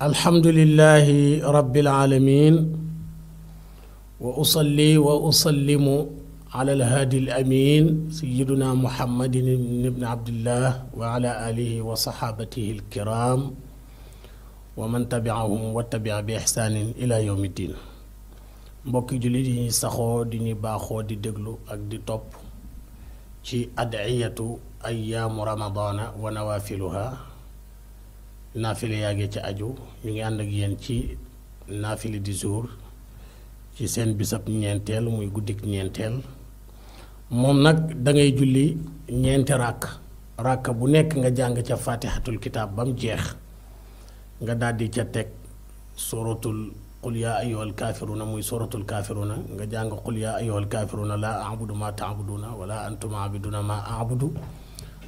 الحمد لله رب العالمين واصلي واسلم على الهادي الامين سيدنا محمد بن عبد الله وعلى اله وصحابته الكرام ومن تبعهم واتبع باحسان الى يوم الدين mbokki jullit yi ñuy saxoo di ñu baaxoo di déglu ak di topp ci adciyatu ayaamu ramadaana wa nawafiluha naafile yaa ngi ci aju ñu ngi ànd ak yéen ci naafile di jour ci seen bisab ñeenteel muy guddik ñeenteel moom nag dangay julli ñeenti ràkk ràkk bu nekk nga jàng ca faatixatul kitaab ba jeex nga daldi ca teg suratul qul yaa ayyuhal na muy suratul na nga jàng qul yaa ayyuhal kaafiruuna laa abudu ma taabuduuna wala antum abiduna ma abudu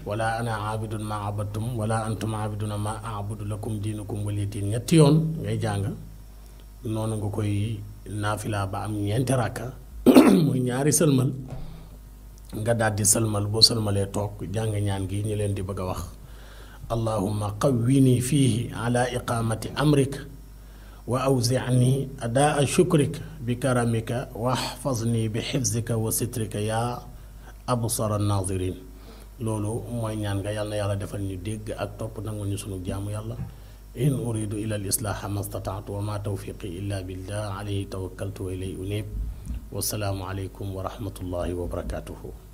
ولا انا عابد ما عبدتم ولا انتم عابدون ما اعبد لكم دينكم ولي دين نيت يون غاي جانغ نونو غوكاي نافلا با ام نينت راكا موي نياري سلمال غا دادي سلمال توك جانغ نيان غي دي بغا اللهم قويني فيه على اقامه امرك واوزعني اداء شكرك بكرمك واحفظني بحفظك وسترك يا ابصر الناظرين loolu mooy ñaan nga yàlla yàlla defal ñu dégg ak topp nangu ñu sunu jaamu yàlla in uridu ila al islaaha ma stataatu wa ma tawfiqi illa billah alayhi tawakkaltu wa ilayhi unib wasalaamu aleykum wa rahmatullahi wa barakatuhu